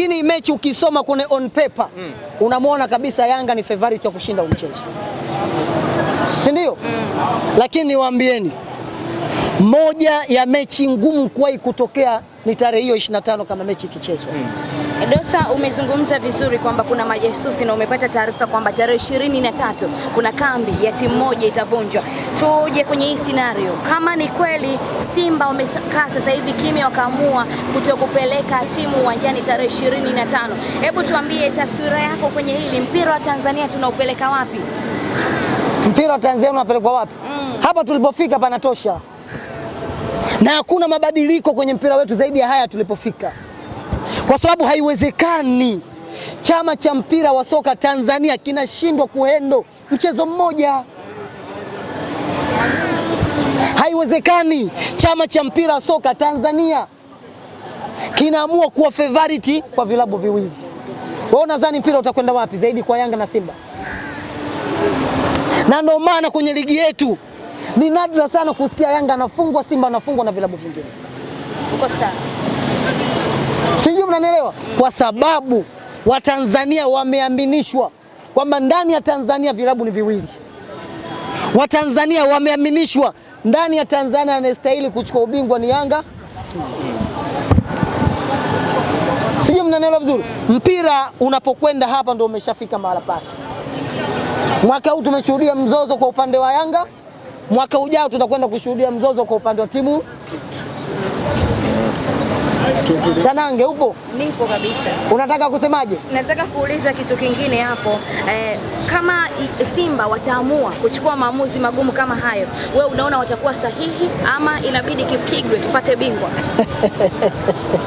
lakini mechi ukisoma kwenye on paper mm. unamwona kabisa Yanga ni favorite ya kushinda mchezo, si ndio? mm. Lakini niwaambieni moja ya mechi ngumu kuwahi kutokea ni tarehe hiyo 25 kama mechi ikichezwa. mm. Dosa, umezungumza vizuri kwamba kuna majasusi na umepata taarifa kwamba tarehe 23 kuna kambi ya timu moja itavunjwa tuje kwenye hii scenario, kama ni kweli Simba wamekaa sasa hivi kimya, wakaamua kutokupeleka timu uwanjani tarehe 25, hebu tuambie taswira yako kwenye hili, mpira wa Tanzania tunaupeleka wapi? Mpira wa Tanzania unapelekwa wapi? Mm. Hapa tulipofika panatosha, na hakuna mabadiliko kwenye mpira wetu zaidi ya haya tulipofika, kwa sababu haiwezekani chama cha mpira wa soka Tanzania kinashindwa kuhendo mchezo mmoja. Haiwezekani chama cha mpira soka Tanzania kinaamua kuwa favorite kwa vilabu viwili. Wewe unadhani mpira utakwenda wapi zaidi kwa Yanga na Simba? Na ndio maana kwenye ligi yetu ni nadra sana kusikia Yanga anafungwa, Simba anafungwa na vilabu vingine. Uko sawa? Sijui mnanielewa, mm. kwa sababu Watanzania wameaminishwa kwamba ndani ya Tanzania vilabu ni viwili. Watanzania wameaminishwa ndani ya Tanzania anayestahili kuchukua ubingwa ni Yanga. Sijui mnanielewa vizuri. Mpira unapokwenda hapa ndio umeshafika mahala pake. Mwaka huu tumeshuhudia mzozo kwa upande wa Yanga, mwaka ujao tutakwenda kushuhudia mzozo kwa upande wa timu Tanange upo? Nipo kabisa. Unataka kusemaje? Nataka kuuliza kitu kingine hapo eh, kama Simba wataamua kuchukua maamuzi magumu kama hayo, we unaona watakuwa sahihi ama inabidi kipigwe tupate bingwa?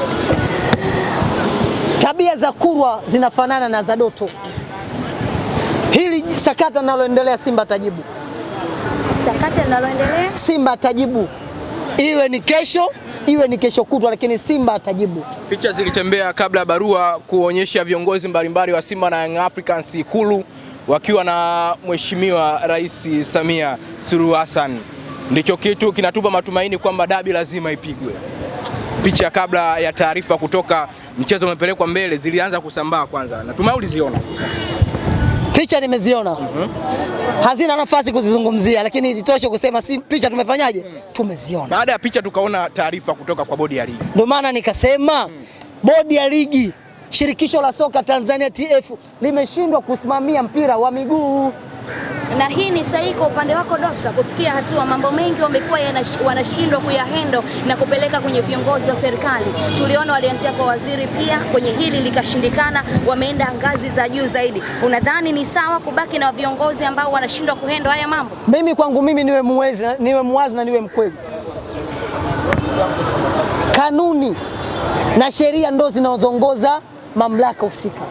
Tabia za Kurwa zinafanana na za Doto. Hili sakata linaloendelea Simba tajibu. Sakata linaloendelea? Simba tajibu iwe ni kesho iwe ni kesho kutwa, lakini Simba atajibu. Picha zilitembea kabla ya barua kuonyesha viongozi mbalimbali wa Simba na Young Africans Ikulu wakiwa na Mheshimiwa Rais Samia Suluhu Hassan. Ndicho kitu kinatupa matumaini kwamba dabi lazima ipigwe. Picha kabla ya taarifa kutoka mchezo umepelekwa mbele zilianza kusambaa kwanza, natumai uliziona picha nimeziona hazina nafasi kuzizungumzia, lakini itoshe kusema si picha tumefanyaje, tumeziona. Baada ya picha tukaona taarifa kutoka kwa bodi ya ligi, ndio maana nikasema bodi ya ligi, shirikisho la soka Tanzania TF limeshindwa kusimamia mpira wa miguu na hii ni sahihi kwa upande wako Dosa? Kufikia hatua mambo mengi wamekuwa wanashindwa kuyahendo na kupeleka kwenye viongozi wa serikali. Tuliona walianzia kwa waziri, pia kwenye hili likashindikana, wameenda ngazi za juu zaidi. Unadhani ni sawa kubaki na viongozi ambao wanashindwa kuhendo haya mambo? Mimi kwangu mimi niwe muwezi, niwe muwazi na niwe mkweli, kanuni na sheria ndo zinazoongoza mamlaka husika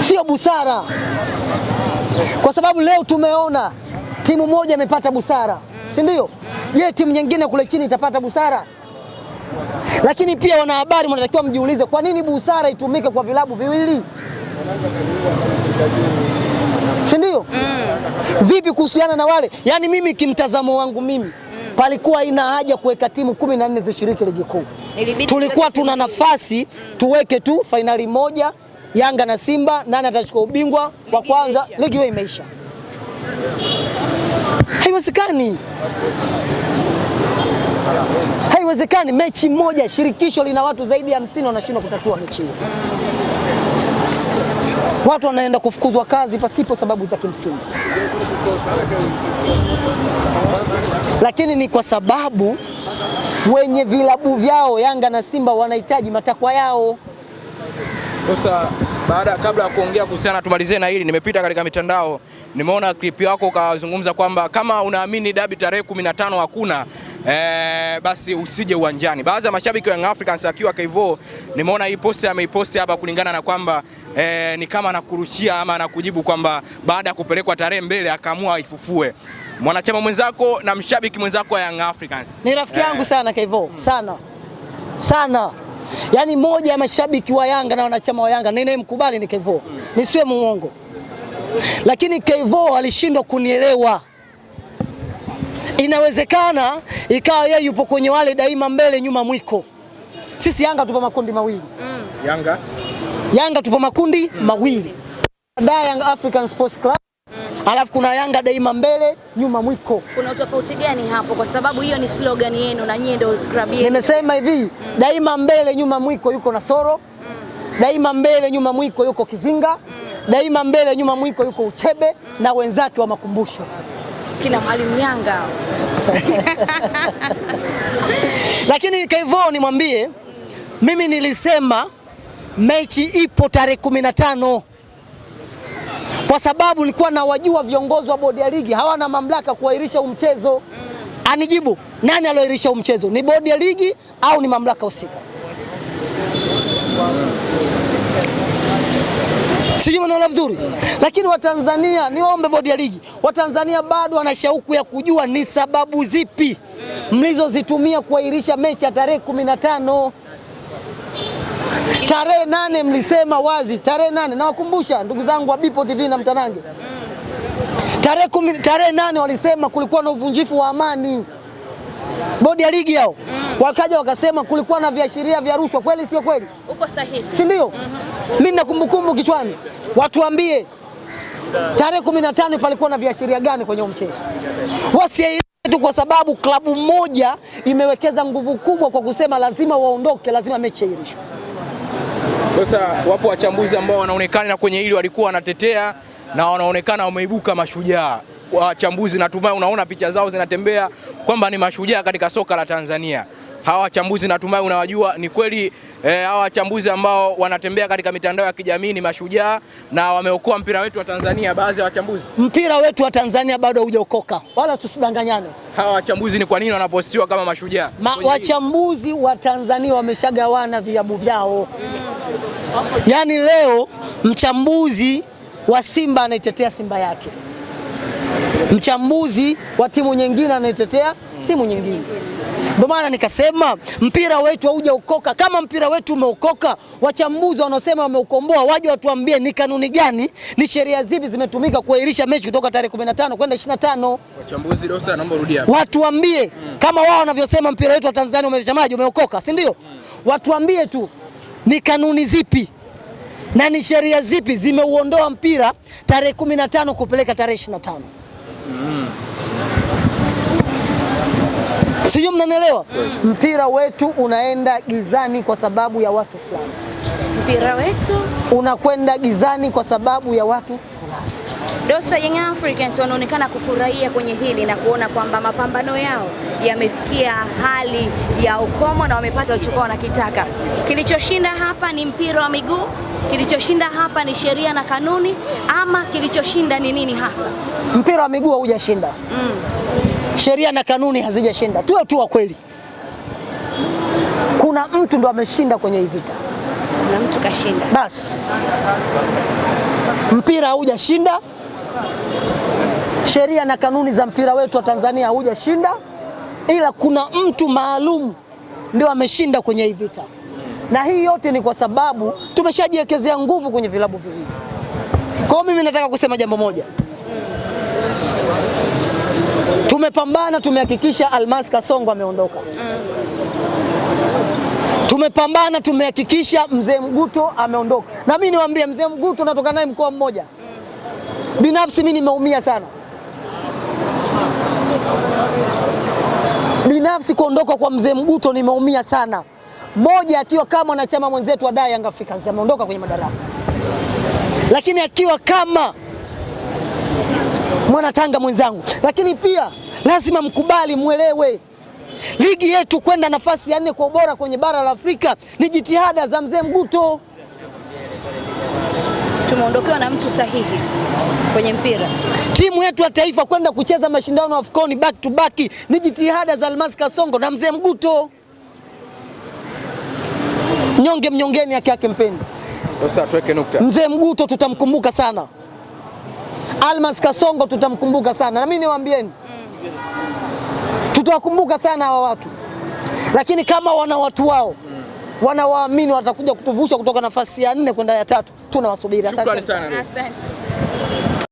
sio busara, kwa sababu leo tumeona timu moja imepata busara, si ndio? Je, timu nyingine kule chini itapata busara? Lakini pia wanahabari wanatakiwa mjiulize, kwa nini busara itumike kwa vilabu viwili, si ndio? Mm. Vipi kuhusiana na wale, yaani mimi kimtazamo wangu mimi palikuwa ina haja kuweka timu kumi na nne zishiriki ligi kuu, tulikuwa tuna nafasi tuweke tu fainali moja Yanga na Simba, nani atachukua ubingwa wa kwanza? Ligi hiyo imeisha, haiwezekani, haiwezekani. Mechi moja, shirikisho lina watu zaidi ya hamsini wanashindwa kutatua mechi hiyo, watu wanaenda kufukuzwa kazi pasipo sababu za kimsingi, lakini ni kwa sababu wenye vilabu vyao Yanga na Simba wanahitaji matakwa yao. Sasa baada kabla ya kuongea kuhusiana, tumalizie na hili. Nimepita katika mitandao, nimeona klipi yako ukazungumza kwamba kama unaamini dabi tarehe 15 hakuna Eh, basi usije uwanjani. Baadhi ya mashabiki wa Young Africans akiwa Kaivo, nimeona hii post ameipost hapa kulingana na kwamba eh, ni kama anakurushia ama anakujibu kwamba baada ya kupelekwa tarehe mbele akaamua ifufue. Mwanachama mwenzako na mshabiki mwenzako wa Young Africans ni rafiki eh. yangu eh, sana Kaivo sana sana Yaani moja ya mashabiki wa Yanga na wanachama wa Yanga ninayemkubali ni Kevo, nisiwe muongo, lakini Kevo alishindwa kunielewa. Inawezekana ikawa yeye yupo kwenye wale daima mbele nyuma mwiko. Sisi Yanga tupo makundi mawili mm. Yanga, Yanga tupo makundi mm. mawili da Yanga African Sports Club alafu kuna Yanga daima mbele nyuma mwiko. Kuna utofauti gani hapo? Kwa sababu hiyo ni slogan yenu na nyie ndio klabu yenu. Nimesema hivi mm. daima mbele nyuma mwiko yuko Nasoro mm. daima mbele nyuma mwiko yuko Kizinga mm. daima mbele nyuma mwiko yuko Uchebe mm. na wenzake wa makumbusho kina Mwalimu Yanga lakini Kaivo, nimwambie mimi nilisema mechi ipo tarehe kumi na tano kwa sababu nilikuwa nawajua viongozi wa bodi ya ligi hawana mamlaka kuahirisha huu mchezo. Anijibu nani alioahirisha huu mchezo, ni bodi ya ligi au ni mamlaka husika? Sijui mnaona vizuri, lakini Watanzania, niombe bodi ya ligi, Watanzania bado wana shauku ya kujua ni sababu zipi mlizozitumia kuahirisha mechi ya tarehe kumi na tano. Tarehe nane mlisema wazi, tarehe nane nawakumbusha ndugu zangu wa Bipo TV na Mtanange, tarehe kumi, tarehe nane walisema kulikuwa na uvunjifu wa amani bodi ya ligi yao mm. Wakaja wakasema kulikuwa na viashiria vya rushwa. Kweli sio kweli? Uko sahihi, si ndio? mm -hmm. Mimi kumbukumbu kichwani, watuambie tarehe kumi na tano palikuwa na viashiria gani kwenye mchezo wasi tu, kwa sababu klabu moja imewekeza nguvu kubwa kwa kusema lazima waondoke, lazima mechi iahirishwe. Sasa wapo wachambuzi ambao wanaonekana na kwenye hili walikuwa wanatetea na wanaonekana wameibuka mashujaa wachambuzi, natumai unaona picha zao zinatembea kwamba ni mashujaa katika soka la Tanzania hawa wachambuzi natumai unawajua. Ni kweli eh, hawa wachambuzi ambao wanatembea katika mitandao ya kijamii ni mashujaa na wameokoa mpira wetu wa Tanzania. Baadhi ya wachambuzi, mpira wetu wa Tanzania bado haujaokoka, wala tusidanganyane. Hawa wachambuzi ni kwa nini wanapostiwa kama mashujaa? Ma, wachambuzi wa Tanzania wameshagawana viabu vyao mm. Yaani leo mchambuzi wa Simba anaitetea Simba yake, mchambuzi wa timu nyingine anaitetea mm. timu nyingine. Ndio maana nikasema mpira wetu haujaokoka. Kama mpira wetu umeokoka, wachambuzi wanaosema wameukomboa waje watuambie ni kanuni gani, ni sheria zipi zimetumika kuahirisha mechi kutoka tarehe 15 kwenda 25. Wachambuzi Dosa, naomba urudi hapo, watuambie hmm. kama wao wanavyosema mpira wetu wa Tanzania umeshamaji umeokoka, si ndio? Hmm. watuambie tu ni kanuni zipi na ni sheria zipi zimeuondoa mpira tarehe 15 kupeleka tarehe 25. mm sijui mnanielewa. Mm. Mpira wetu unaenda gizani kwa sababu ya watu fulani. Mpira wetu unakwenda gizani kwa sababu ya watu fulani. Dosa Young Africans wanaonekana kufurahia kwenye hili na kuona kwamba mapambano yao yamefikia hali ya ukomo na wamepata walichokuwa wanakitaka. Kilichoshinda hapa ni mpira wa miguu, kilichoshinda hapa ni sheria na kanuni, ama kilichoshinda ni nini hasa? Mpira wa miguu haujashinda. Mm sheria na kanuni hazijashinda, tuwe tu wa kweli. Kuna mtu ndo ameshinda kwenye hii vita, kuna mtu kashinda. Basi mpira haujashinda, sheria na kanuni za mpira wetu wa Tanzania haujashinda, ila kuna mtu maalum ndio ameshinda kwenye hii vita, na hii yote ni kwa sababu tumeshajiwekezea nguvu kwenye vilabu viwili. Kwa hiyo mimi nataka kusema jambo moja mm. Tumepambana, tumehakikisha Almas Kasongo ameondoka mm. Tumepambana, tumehakikisha mzee Mguto ameondoka, na mimi niwaambie, mzee Mguto natoka naye mkoa mmoja mm. Binafsi mimi nimeumia sana binafsi, kuondoka kwa mzee Mguto nimeumia sana, moja akiwa kama wanachama mwenzetu wa Dar Young Africans ameondoka kwenye madaraka, lakini akiwa kama mwanatanga mwenzangu, lakini pia lazima mkubali, mwelewe ligi yetu kwenda nafasi ya nne kwa ubora kwenye bara la Afrika ni jitihada za mzee Mguto. Tumeondokewa na mtu sahihi kwenye mpira. Timu yetu ya taifa kwenda kucheza mashindano ya Afcon back to back ni jitihada za Almasi Kasongo na mzee Mguto. Mnyonge mnyongeni, haki yake mpeni. Sasa tuweke nukta. Mzee Mguto tutamkumbuka sana, Almasi Kasongo tutamkumbuka sana, na mimi niwaambieni mm. Tutawakumbuka sana hawa watu, lakini kama wana watu wao wanawaamini, watakuja kutuvusha kutoka nafasi ya nne kwenda ya tatu. Tunawasubiri. Asante sana.